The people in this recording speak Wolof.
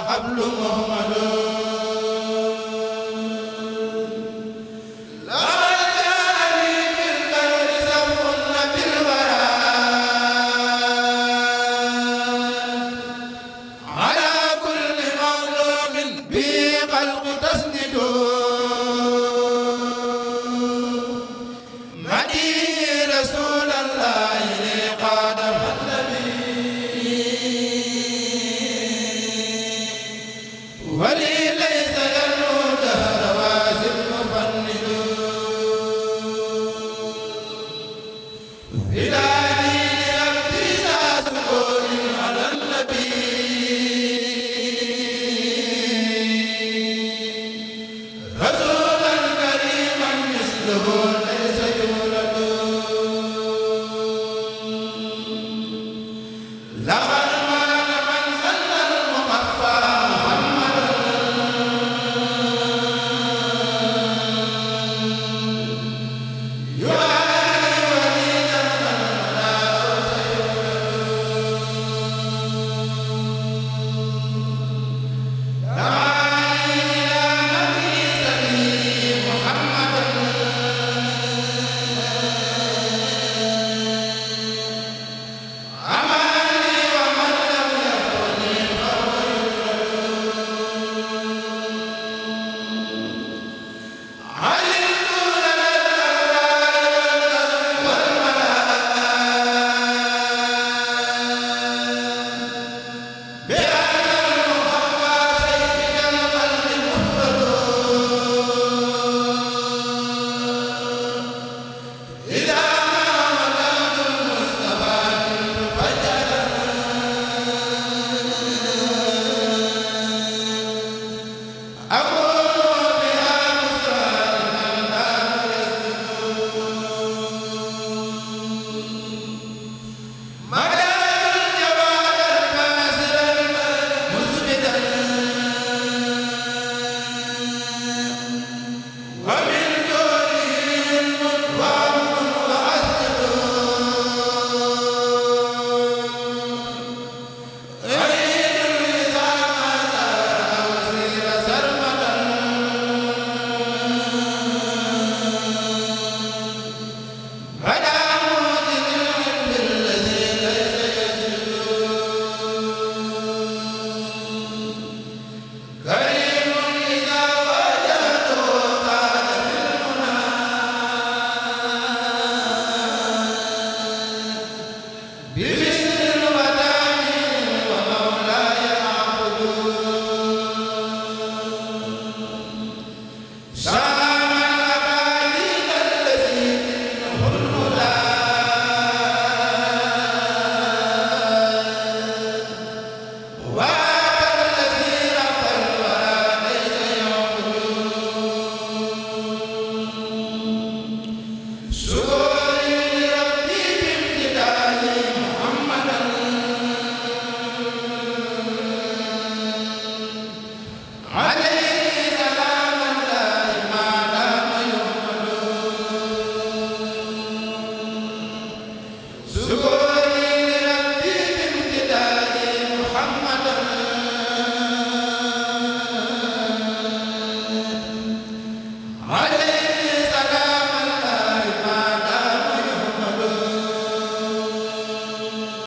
حبل محمد wali